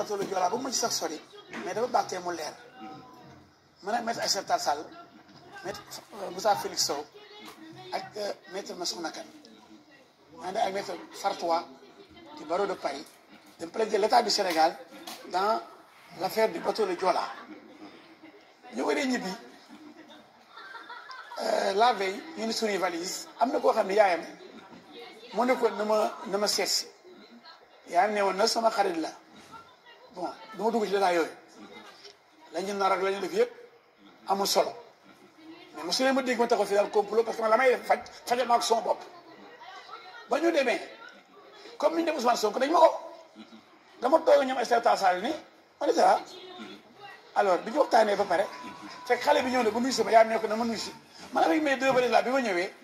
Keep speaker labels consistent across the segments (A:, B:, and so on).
A: batolu Joola bu ma ci sax sori mais dafa baax mu leer man ak maître Aïssata Tall Sall maître euh, Moussa Félix Sow ak euh, maître Massokhna Kane ànd ak maître Fartois du barreau de Paris de plaider l'état du Sénégal dans l'affaire du bateau de Joola ñu waree ñibbi euh, la veille ñu ni suñuy valise am na boo xam ne yaayam mu ne ko na ma na ma seet si yaayam ne woon na sama xarit la bon du ma dugg ci détail yooyu la ñu nar ak la ñu def yëpp amul solo mais mosu leen ma dégg ma taxaw fi complot parce que la may def faj fajal ma ak bopp ba ñu demee comme ni ñu def Ousmane Sonko dañ ma ko dama toog ñoom Esther Tassal ni on est là alors bi ñu waxtaanee ba pare fekk xale bi ñëw na ba nuyu si ma yaa ne ko na ma nuyu si man ma ñëwee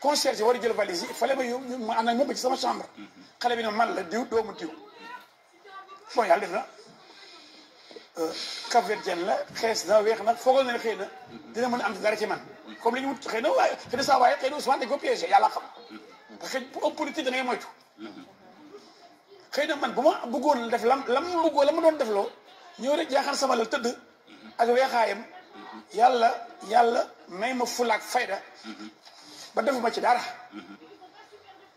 A: concierge war a jël valise yi il fallait ma yóbbu ma ànd ak moom sama chambre xale bi ne man la diw doomu diw bon yàlla def na capverdien la xees na weex na foogoon na xëy na dina mën a am dara ci man comme li ñu wut xëy na waaye xëy na saa waaye xëy na Ousmane dañ ko piégé yàlla xam parce que homme politique da ngay moytu na man bu ma bëggoon def lam lam bëggoo la ma doon def loo ñëw rek jaaxaan sama la tëdd ak weexaayam yàlla yàlla may ma fulaak fayda ba defuma ci dara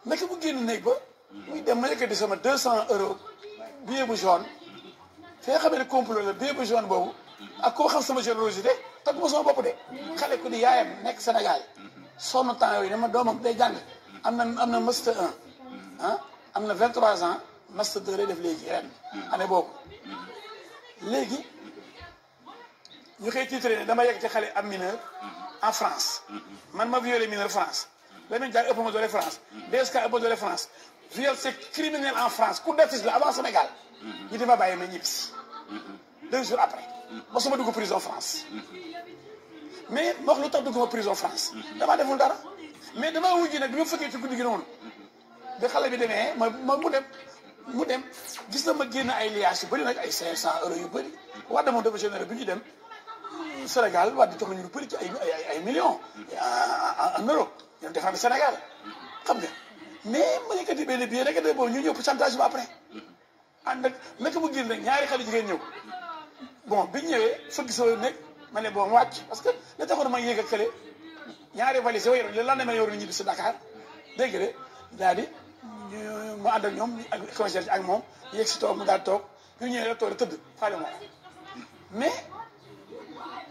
A: naka bu génn néeg ba muy dem ma yëkkati sama deux cent euros billet bu jaune fi nga xamee ne complot la billet bu jaune boobu ak koo xam sama générosité de tag ma sama bopp de xale ku di yaayam nekk Sénégal sonn temps yooyu ne ma doomam day jàng am na am na master ah, am na 23 ans master 2 lay def léegi année boobu léegi ñu koy titré ne dama yeg ci xale am mineur en France man ma violé mineur France Lamine Diack ëpp ma de France DSK ëpp ma doole France viol c'est criminel en France coup d'office la avant Sénégal ñu di ma bàyyi ma ñibbi si deux jours après mosuma dugg prison France mais ma wax lu tax dugguma prison France damaa deful dara mais damaa wujji nag bi ma fekkee ci guddi gi noonu bi xale bi demee ma ma mu dem mu dem gis na ma génn ay liaas yu bëri nag ay cinq cent euros yu bëri wax dama dafa généré dem Sénégal wax di jox nañu lu bëri ci ay ay ay millions en Europe ñoom défendre Sénégal xam nga mais ma yëkkati benn bii rek de boobu ñu ñëw pourcentage ba après ànd ak naka mu génn rek ñaari xale jigéen ñëw bon bi ñëwee fëgg sa nekk ma ne bon wàcc parce que la taxoon ma yëg ak kële ñaari valise yoo yor la lan la ñibbi si Dakar dégg nga de daal di mu ànd ak ñoom ak concierge ak moom yegg si toog mu daal toog ñu ñëwee rek toog tëdd faale ma mais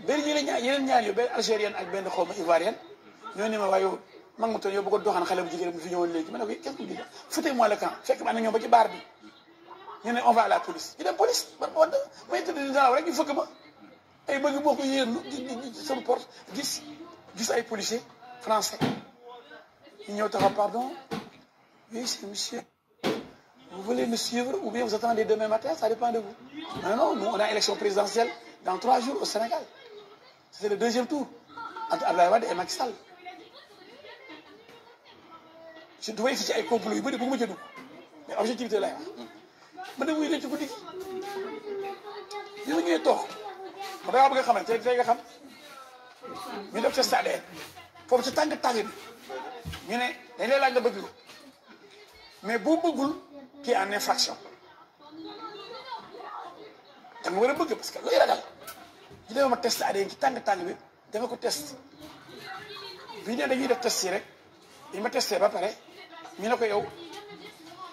A: benn yeneen ñaar yeneen ñaar yu benn algérienne ak benn xaw ma ñoo ne mag ma toog yow bu ko doxaan xale bu jigéen bi ma ne ko quest ma ne ñoom ba ci baar ñu ne on va à la police ñu dem police ba woon may tëdd di nelaw rek ñu fëgg ma ay bëgg boo ko yéenlu di sama porte gis gis ay policier français ñu ñëw taxaw pardon oui c'est monsieur vous voulez nous suivre ou bien vous attendez demain matin ça dépend de vous non non nous on a élection présidentielle dans trois jours au Sénégal c'était le deuxième tour a Abdoulaye Wade et Macky je doy si ci ay complot yu bëri bu ma ca dugg mais objectivité lay wax man de muy denc guddi gi bi ma ñëwee toog ma dangaa bëgg a xamal tey tey xam ñu def ca stade foofu ci tàng tàng bi ñu ne dañ lay laaj nga bëgg mais boo bëggul kii en infraction da nga war a bëgg parce que looy ragal ñu demee ma test ADN ci tàng tàng bi dafa ko test bi ñu def test yi rek. bi ma testé ba pare ñu ne ko yow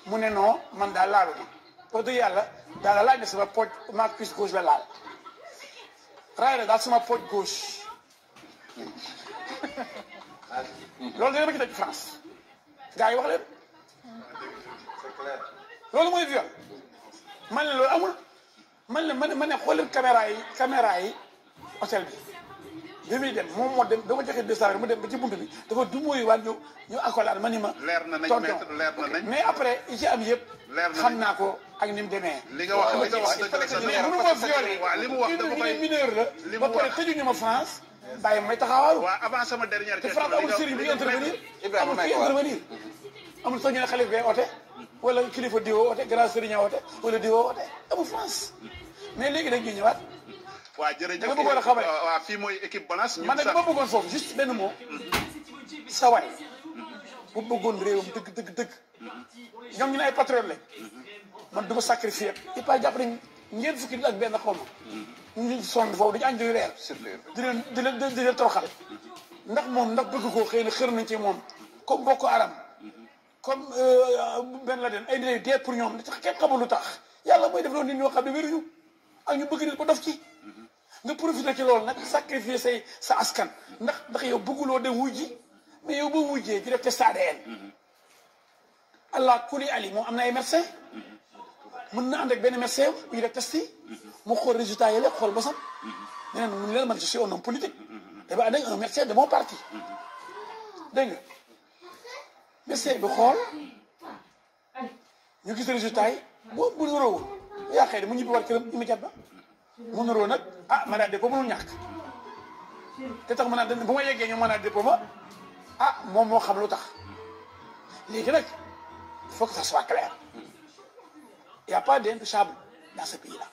A: mu ne noo man daal laalu ma wax yàlla daal laaj na sama pooj ma cuisse gauche ba laal raay daal sama pooj gauche loolu dina ma ci daj France gars wax leen loolu mooy viol man la loolu amul man la man man ne xoolal caméra yi caméra bi bi muy dem moom moo dem da ko joxee deux mu dem ba ci bunt bi dafa dumóoyu waat ñu ñu accolade ma ni ma leer na nañ leer na nañ mais après yi ci am yëpp xam naa ko ak ni mu demee li nga wax li nga wax mënu ma violé li mu wax dafa koy mineur la ba pare tëjuñu ma France bàyyi may taxawaalu waaw avant sama dernière question France amul sëriñ amul fi intervenir amul sax ñu ne xalif bee oote wala kilifa diwoo oote grand sëriñ oote wala diwoo oote amul France
B: mais léegi dañ ñuy ñëwaat waa jërëjëf dama bëggoon a xamal waa mooy équipe balance. ñu man nag dama bëggoon foofu juste benn mot. saway bu
A: bëggoon réewam dëgg dëgg dëgg. ñoom ñu ne ay patriote lañ. man du ma sacrifier. il pas jàpp nañ ñeent fukki ak benn xaw ma. ñu sonn foofu dañu añ doy reer. di leen toroxal. ndax moom ndax bëgg ko xëy na xër nañ ci moom. comme bokk aram. comme euh, benn la den ay dee pour ñoom li tax kenn xamul lu tax yàlla mooy def loolu nit ñoo xam ne wéruñu ak ñu bëgg nit ba dof ci. nga profité ci loolu nag sacrifier say sa askan ndax ndax yow bëgguloo dem wujji mais yow boo wujjee di def test ADN allah kuli ali moom am na ay médecin mën na ànd ak benn médecin bu ñu def mu xool résultat yi la xool ba sam nee neen mun leen man je suis un homme politique dama ànd ak un de mon parti dégg nga médecin xool ñu gis résultat yi boo bu róowul yaa xëy mu ñibbi war këram immédiatement mu naroo nag ah malade dépôt mënul ñàkk te tax dem bu ma yeggee ñu malade dépôt ma ah moom moo xam lu tax léegi nag il faut que ça soit clair il y a pas d'intouchable dans ce pays là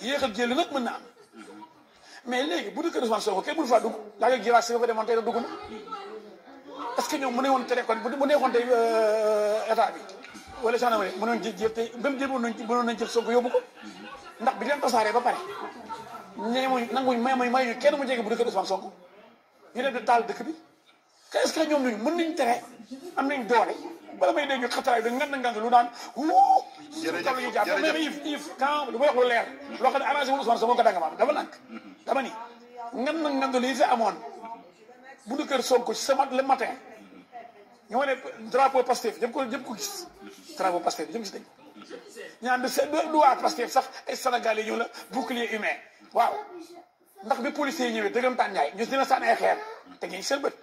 A: yéexal jëli nag mën na am mais léegi bu dëkk Ousmane Sonko kenn mënu faa dugg daa ngi jëlaat si nga fa demoon tey da dugg na est-ce que ñoom mu ne woon tere kon bu neexoon tey euh, état bi wala gendarmerie mënoon jël tey même jël mënoon nañ jël Sonko yóbbu ko ndax bi leen tasaaree ba pare ñeemuñ nanguñ may may may ñu kenn mu jege bu dëkk Ousmane Sonko ñu leen di dëkk bi te est ce que ñoom ñooñu mën nañ tere am nañ doole bala may dégg ñu xataraay da ngan na lu naan wuu suñu toll wax lu leer loo xam ne arrangé wul Ousmane Sonko danga maam dafa nànk dama ni ngan na ngan li fi amoon bu dëkk Sonko ci sama le matin ñu wane drapeau Pastef ñëpp ko ñëpp ko gis drapeau Pastef bi gis nañ ñu naan du waa Pastef sax ay Sénégalais ñu la bouclier humain waaw ndax bi policiers yi ñëwee dëggantaan ñaay ñu dina sànni ay xeer te ngeen seen bët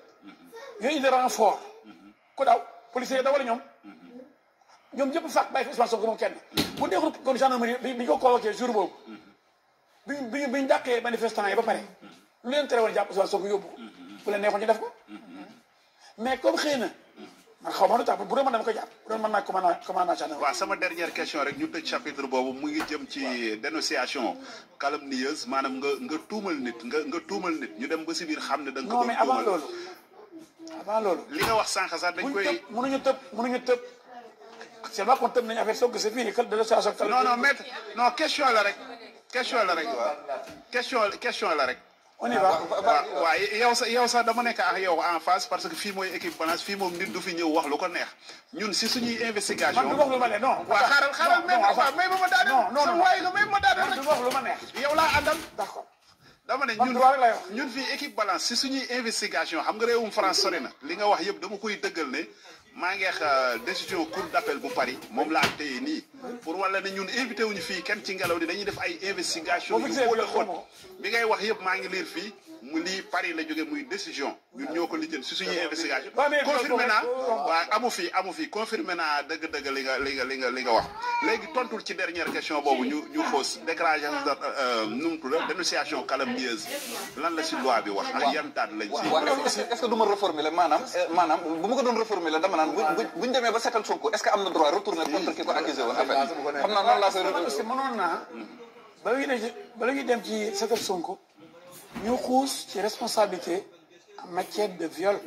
A: ñooy indi renfort ku daw policiers yi dawal ñoom ñoom ñëpp fàq bàyyi fi Ousmane Sonko moom kenn bu neexul kon gendarmerie bi ñu ko convoqué jour boobu bi ñu bi ñu dàqee manifestant yi ba pare lu leen tere woon jàpp Ousmane Sonko yóbbu bu leen neexoon ñu def ko mais comme xëy na. man xaw ma nu tax bu doon mën
B: dama ko jàpp bu doon mën naa comment comment naa caa waaw sama dernière question rek ñu tëj chapitre boobu mu ngi jëm ci dénonciation calomnieuse maanaam nga nga tuumal nit nga nga tuumal nit ñu dem ba si biir xam ne da nga ko non mais avant loolu avant loolu li nga wax sànq sax dañ koy
A: mënuñu tëb mënuñu tëb seulement kon tëb nañu affaire soog c'est fini dénonciation calomnieuse non non maître non question
B: la rek question la rek waaw question question la rek on y ah, va waaw yow sax yow sax dama nekk ak yow en face parce que fii mooy équipe balance fii moom nit du fi ñëw wax lu ko neex ñun si suñuy investigation. man du wax lu ma neex non. waaw xaaral xaaral même waaw may ma ma daane. non non non waaye nga may ma daane rek. du wax lu ma neex. yow laa àndal d'accord. dama ne ñun ñun fii équipe balance si suñuy investigation xam nga réewum France sori na. li nga wax yëpp dama koy dëggal ne. maa ngeex euh, décision cour d'appel bu Paris moom laa téye nii pour wala ne ñun invité wuñu fii kenn ci ngelaw li dañuy def ay investigation yu xóot a xóot bi ngay wax yëpp maa ngi liir fii mu lii Paris la jógee muy décision ñoo ko lijjën si suñuy investigation confirmé naa waaw amu fi amu fi confirmé naa dëgg-dëgg li nga li nga li nga wax léegi tontul ci dernière question boobu ñu xoos déclaration nu mu tudd dénonciation calamnieuse lan la si loi bi wax ak yan daan lañ si est-ce que du ma reformuler maanaam maanaam bu ma ko doon reformuler dama naan bu buñ demee
A: ba seetal Sonko est-ce que am na droit retourner contre ki ko accusé woon en fait ñu xuus ci responsabilité en matière de viol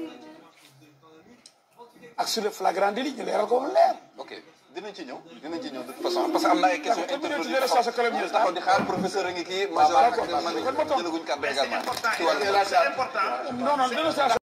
A: ak sur le flagrant délit ñu leeral ko woon leer. ok dinañ ci ñëw dinañ ci ñëw de toute façon parce que am na ay questions. interpellées taxaw
B: di xaar professeur a ngi kii. waaw waaw d' accord d' accord major jëlaguñ kàddu également. ci wàllu non non